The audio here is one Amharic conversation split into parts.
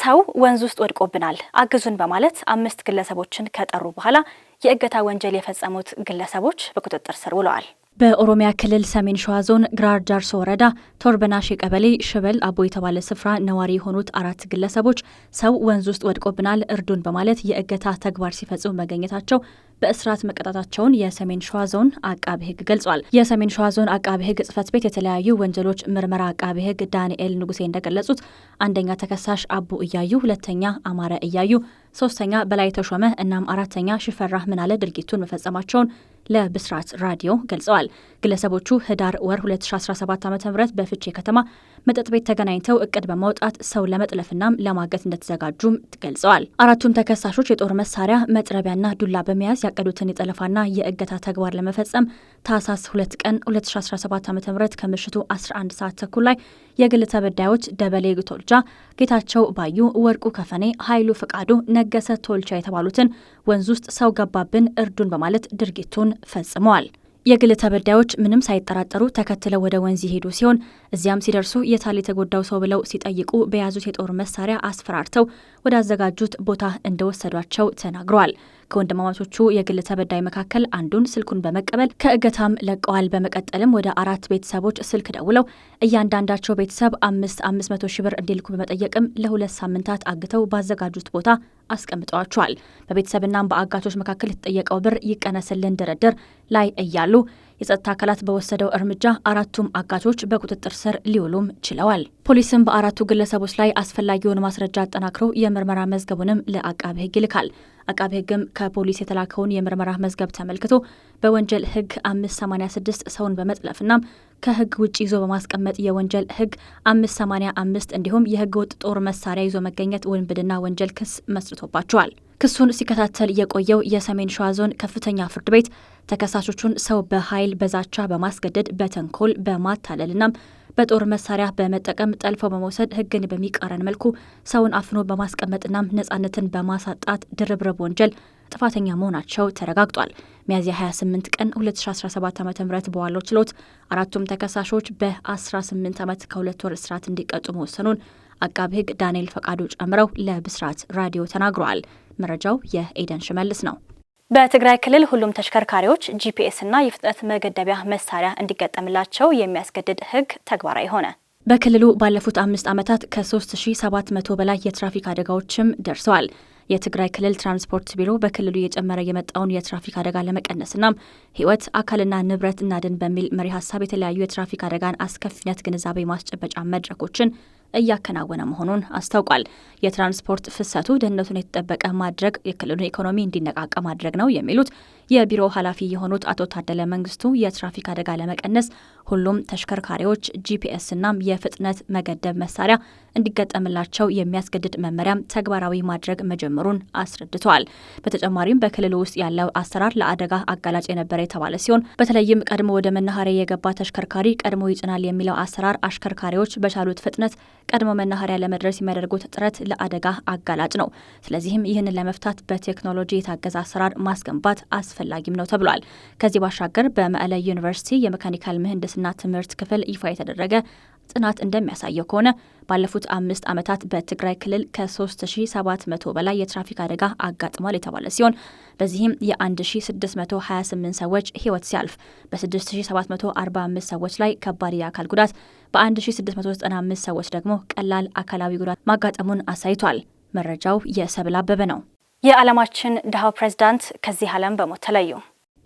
ሰው ወንዝ ውስጥ ወድቆብናል አግዙን በማለት አምስት ግለሰቦችን ከጠሩ በኋላ የእገታ ወንጀል የፈጸሙት ግለሰቦች በቁጥጥር ስር ውለዋል። በኦሮሚያ ክልል ሰሜን ሸዋ ዞን ግራር ጃርሶ ወረዳ ቶርበናሽ ቀበሌ ሽበል አቦ የተባለ ስፍራ ነዋሪ የሆኑት አራት ግለሰቦች ሰው ወንዝ ውስጥ ወድቆብናል እርዱን በማለት የእገታ ተግባር ሲፈጽሙ መገኘታቸው በእስራት መቀጣታቸውን የሰሜን ሸዋ ዞን አቃቢ ሕግ ገልጿል። የሰሜን ሸዋ ዞን አቃቢ ሕግ ጽፈት ቤት የተለያዩ ወንጀሎች ምርመራ አቃቢ ሕግ ዳንኤል ንጉሴ እንደገለጹት አንደኛ ተከሳሽ አቡ እያዩ፣ ሁለተኛ አማረ እያዩ፣ ሶስተኛ በላይ ተሾመ እናም አራተኛ ሽፈራህ ምናለ ድርጊቱን መፈጸማቸውን ለብስራት ራዲዮ ገልጸዋል። ግለሰቦቹ ህዳር ወር 2017 ዓ ም በፍቼ ከተማ መጠጥ ቤት ተገናኝተው እቅድ በማውጣት ሰው ለመጥለፍና ለማገት እንደተዘጋጁም ገልጸዋል። አራቱም ተከሳሾች የጦር መሳሪያ መጥረቢያና ዱላ በመያዝ ያቀዱትን የጠለፋና የእገታ ተግባር ለመፈጸም ታህሳስ ሁለት ቀን 2017 ዓ ም ከምሽቱ 11 ሰዓት ተኩል ላይ የግል ተበዳዮች ደበሌ ቶልቻ፣ ጌታቸው ባዩ፣ ወርቁ ከፈኔ፣ ኃይሉ ፈቃዱ፣ ነገሰ ቶልቻ የተባሉትን ወንዝ ውስጥ ሰው ገባብን እርዱን በማለት ድርጊቱን ፈጽመዋል። የግል ተበዳዮች ምንም ሳይጠራጠሩ ተከትለው ወደ ወንዝ ይሄዱ ሲሆን እዚያም ሲደርሱ የታል የተጎዳው ሰው ብለው ሲጠይቁ በያዙት የጦር መሳሪያ አስፈራርተው ወዳዘጋጁት ቦታ እንደወሰዷቸው ተናግረዋል። ከወንድማማቾቹ የግል ተበዳይ መካከል አንዱን ስልኩን በመቀበል ከእገታም ለቀዋል። በመቀጠልም ወደ አራት ቤተሰቦች ስልክ ደውለው እያንዳንዳቸው ቤተሰብ አምስት አምስት መቶ ሺህ ብር እንዲልኩ በመጠየቅም ለሁለት ሳምንታት አግተው ባዘጋጁት ቦታ አስቀምጠዋቸዋል። በቤተሰብና በአጋቾች መካከል የተጠየቀው ብር ይቀነስልን ድርድር ላይ እያሉ የጸጥታ አካላት በወሰደው እርምጃ አራቱም አጋቾች በቁጥጥር ስር ሊውሉም ችለዋል። ፖሊስም በአራቱ ግለሰቦች ላይ አስፈላጊውን ማስረጃ አጠናክሮ የምርመራ መዝገቡንም ለአቃቤ ሕግ ይልካል። አቃቤ ሕግም ከፖሊስ የተላከውን የምርመራ መዝገብ ተመልክቶ በወንጀል ሕግ 586 ሰውን በመጥለፍና ከሕግ ውጭ ይዞ በማስቀመጥ የወንጀል ሕግ 585 እንዲሁም የሕገ ወጥ ጦር መሳሪያ ይዞ መገኘት ውንብድና ወንጀል ክስ መስርቶባቸዋል። ክሱን ሲከታተል የቆየው የሰሜን ሸዋ ዞን ከፍተኛ ፍርድ ቤት ተከሳሾቹን ሰው በኃይል በዛቻ፣ በማስገደድ፣ በተንኮል፣ በማታለልና በጦር መሳሪያ በመጠቀም ጠልፈው በመውሰድ ሕግን በሚቃረን መልኩ ሰውን አፍኖ በማስቀመጥና ነጻነትን በማሳጣት ድርብርብ ወንጀል ጥፋተኛ መሆናቸው ተረጋግጧል። ሚያዝያ 28 ቀን 2017 ዓ ም በዋለው ችሎት አራቱም ተከሳሾች በ18 ዓመት ከሁለት ወር እስራት እንዲቀጡ መወሰኑን አቃቢ ሕግ ዳንኤል ፈቃዱ ጨምረው ለብስራት ራዲዮ ተናግረዋል። መረጃው የኤደን ሽመልስ ነው። በትግራይ ክልል ሁሉም ተሽከርካሪዎች ጂፒኤስ እና የፍጥነት መገደቢያ መሳሪያ እንዲገጠምላቸው የሚያስገድድ ሕግ ተግባራዊ ሆነ። በክልሉ ባለፉት አምስት ዓመታት ከ3700 በላይ የትራፊክ አደጋዎችም ደርሰዋል። የትግራይ ክልል ትራንስፖርት ቢሮ በክልሉ እየጨመረ የመጣውን የትራፊክ አደጋ ለመቀነስና ሕይወት አካልና ንብረት እናድን በሚል መሪ ሀሳብ የተለያዩ የትራፊክ አደጋን አስከፊነት ግንዛቤ ማስጨበጫ መድረኮችን እያከናወነ መሆኑን አስታውቋል። የትራንስፖርት ፍሰቱ ደህንነቱን የተጠበቀ ማድረግ የክልሉን ኢኮኖሚ እንዲነቃቃ ማድረግ ነው የሚሉት የቢሮ ኃላፊ የሆኑት አቶ ታደለ መንግስቱ የትራፊክ አደጋ ለመቀነስ ሁሉም ተሽከርካሪዎች ጂፒኤስና የፍጥነት መገደብ መሳሪያ እንዲገጠምላቸው የሚያስገድድ መመሪያም ተግባራዊ ማድረግ መጀመሩን አስረድተዋል። በተጨማሪም በክልሉ ውስጥ ያለው አሰራር ለአደጋ አጋላጭ የነበረ የተባለ ሲሆን በተለይም ቀድሞ ወደ መናኸሪያ የገባ ተሽከርካሪ ቀድሞ ይጭናል የሚለው አሰራር አሽከርካሪዎች በቻሉት ፍጥነት ቀድሞ መናኸሪያ ለመድረስ የሚያደርጉት ጥረት ለአደጋ አጋላጭ ነው። ስለዚህም ይህንን ለመፍታት በቴክኖሎጂ የታገዘ አሰራር ማስገንባት አስ አስፈላጊም ነው ተብሏል። ከዚህ ባሻገር በመቀለ ዩኒቨርሲቲ የመካኒካል ምህንድስና ትምህርት ክፍል ይፋ የተደረገ ጥናት እንደሚያሳየው ከሆነ ባለፉት አምስት ዓመታት በትግራይ ክልል ከ3700 በላይ የትራፊክ አደጋ አጋጥሟል የተባለ ሲሆን በዚህም የ1628 ሰዎች ሕይወት ሲያልፍ በ6745 ሰዎች ላይ ከባድ የአካል ጉዳት፣ በ1695 ሰዎች ደግሞ ቀላል አካላዊ ጉዳት ማጋጠሙን አሳይቷል። መረጃው የሰብል አበበ ነው። የዓለማችን ድሃው ፕሬዝዳንት ከዚህ ዓለም በሞት ተለዩ።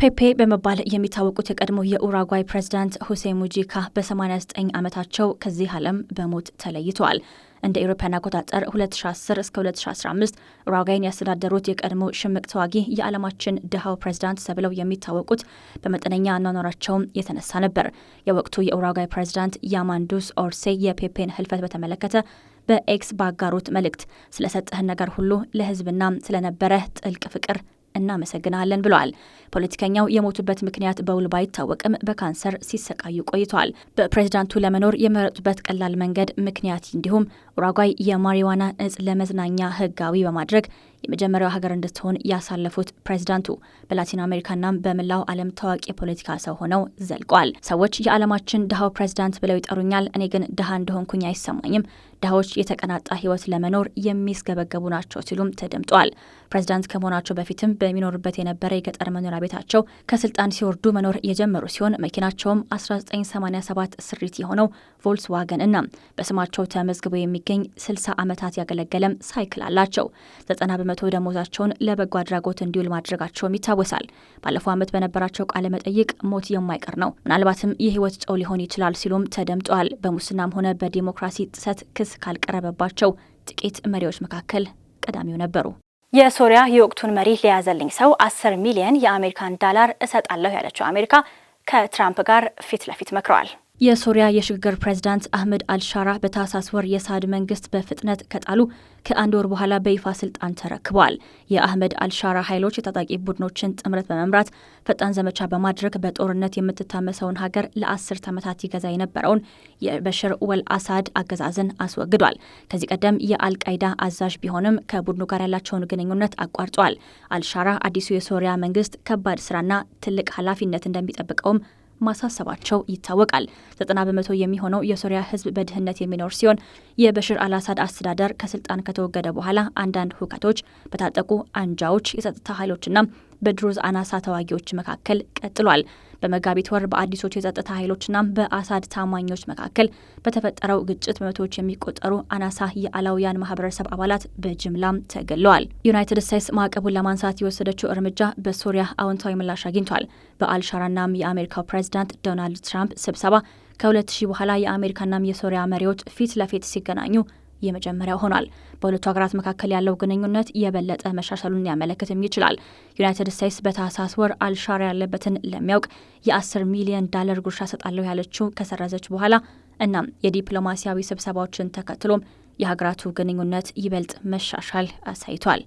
ፔፔ በመባል የሚታወቁት የቀድሞ የኡራጓይ ፕሬዝዳንት ሁሴን ሙጂካ በ89 ዓመታቸው ከዚህ ዓለም በሞት ተለይተዋል። እንደ ኤሮፓያን አቆጣጠር 2010 እስከ 2015 ኡራጓይን ያስተዳደሩት የቀድሞ ሽምቅ ተዋጊ የዓለማችን ድሃው ፕሬዝዳንት ተብለው የሚታወቁት በመጠነኛ አኗኗራቸውም የተነሳ ነበር። የወቅቱ የኡራጓይ ፕሬዝዳንት ያማንዱስ ኦርሴ የፔፔን ህልፈት በተመለከተ በኤክስ ባጋሩት መልእክት ስለሰጠህን ነገር ሁሉ ለህዝብና ስለነበረህ ጥልቅ ፍቅር እናመሰግናለን ብለዋል። ፖለቲከኛው የሞቱበት ምክንያት በውል ባይታወቅም በካንሰር ሲሰቃዩ ቆይተዋል። በፕሬዚዳንቱ ለመኖር የመረጡበት ቀላል መንገድ ምክንያት እንዲሁም ኡራጓይ የማሪዋና እጽ ለመዝናኛ ህጋዊ በማድረግ የመጀመሪያው ሀገር እንድትሆን ያሳለፉት ፕሬዚዳንቱ በላቲን አሜሪካና በመላው ዓለም ታዋቂ የፖለቲካ ሰው ሆነው ዘልቋል። ሰዎች የዓለማችን ድሃው ፕሬዚዳንት ብለው ይጠሩኛል፣ እኔ ግን ድሃ እንደሆንኩኝ አይሰማኝም። ድሃዎች የተቀናጣ ህይወት ለመኖር የሚስገበገቡ ናቸው ሲሉም ተደምጧል። ፕሬዚዳንት ከመሆናቸው በፊትም በሚኖሩበት የነበረ የገጠር መኖሪያ ቤታቸው ከስልጣን ሲወርዱ መኖር የጀመሩ ሲሆን መኪናቸውም 1987 ስሪት የሆነው ቮልስዋገን እና በስማቸው ተመዝግቦ የሚገኝ 60 ዓመታት ያገለገለም ሳይክል አላቸው። ዘጠና በመቶ ደሞዛቸውን ለበጎ አድራጎት እንዲውል ማድረጋቸውም ይታወሳል። ባለፈው ዓመት በነበራቸው ቃለ መጠይቅ ሞት የማይቀር ነው፣ ምናልባትም የህይወት ጨው ሊሆን ይችላል ሲሉም ተደምጠዋል። በሙስናም ሆነ በዲሞክራሲ ጥሰት ክስ ካልቀረበባቸው ጥቂት መሪዎች መካከል ቀዳሚው ነበሩ። የሶሪያ የወቅቱን መሪ ለያዘልኝ ሰው አስር ሚሊየን የአሜሪካን ዳላር እሰጣለሁ ያለችው አሜሪካ ከትራምፕ ጋር ፊት ለፊት መክረዋል። የሶሪያ የሽግግር ፕሬዝዳንት አህመድ አልሻራ በታህሳስ ወር የሳድ መንግስት በፍጥነት ከጣሉ ከአንድ ወር በኋላ በይፋ ስልጣን ተረክበዋል። የአህመድ አልሻራ ኃይሎች የታጣቂ ቡድኖችን ጥምረት በመምራት ፈጣን ዘመቻ በማድረግ በጦርነት የምትታመሰውን ሀገር ለአስርት ዓመታት ይገዛ የነበረውን የበሽር ወል አሳድ አገዛዝን አስወግዷል። ከዚህ ቀደም የአልቃይዳ አዛዥ ቢሆንም ከቡድኑ ጋር ያላቸውን ግንኙነት አቋርጧል። አልሻራ አዲሱ የሶሪያ መንግስት ከባድ ስራና ትልቅ ኃላፊነት እንደሚጠብቀውም ማሳሰባቸው ይታወቃል። ዘጠና በመቶ የሚሆነው የሶሪያ ህዝብ በድህነት የሚኖር ሲሆን የበሽር አልአሳድ አስተዳደር ከስልጣን ከተወገደ በኋላ አንዳንድ ሁከቶች በታጠቁ አንጃዎች፣ የጸጥታ ኃይሎችና በድሮዝ አናሳ ተዋጊዎች መካከል ቀጥሏል። በመጋቢት ወር በአዲሶቹ የጸጥታ ኃይሎችና በአሳድ ታማኞች መካከል በተፈጠረው ግጭት በመቶዎች የሚቆጠሩ አናሳ የአላውያን ማህበረሰብ አባላት በጅምላም ተገለዋል። ዩናይትድ ስቴትስ ማዕቀቡን ለማንሳት የወሰደችው እርምጃ በሶሪያ አዎንታዊ ምላሽ አግኝቷል። በአልሻራናም የአሜሪካው ፕሬዚዳንት ዶናልድ ትራምፕ ስብሰባ ከሁለት ሺህ በኋላ የአሜሪካናም የሶሪያ መሪዎች ፊት ለፊት ሲገናኙ የመጀመሪያው ሆኗል። በሁለቱ ሀገራት መካከል ያለው ግንኙነት የበለጠ መሻሻሉን ሊያመለክትም ይችላል። ዩናይትድ ስቴትስ በታህሳስ ወር አልሻር ያለበትን ለሚያውቅ የ10 ሚሊዮን ዳለር ጉርሻ ሰጣለሁ ያለችው ከሰረዘች በኋላ እናም የዲፕሎማሲያዊ ስብሰባዎችን ተከትሎም የሀገራቱ ግንኙነት ይበልጥ መሻሻል አሳይቷል።